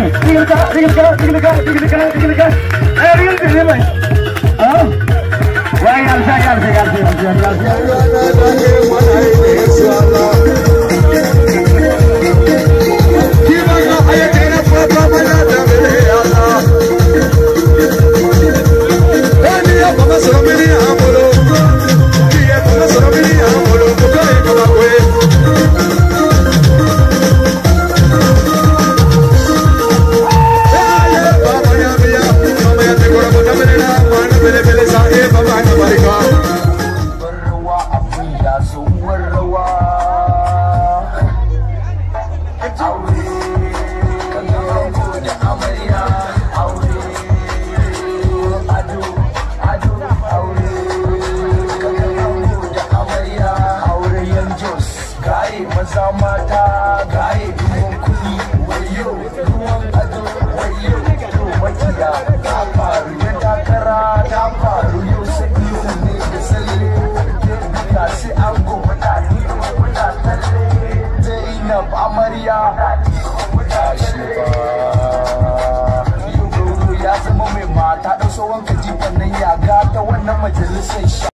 Gracias, gracias, gracias, gracias. maza mata gaye ruwan kuli wayo ruwan ado wayo to makiya ta faru ya takara ta faru yau sai biyu ne da tsalle ga sai an gobe na ido muna talle zainab amarya tashi ba ya zama mai mata ɗan tsohon katifan nan ya gata wannan majalisar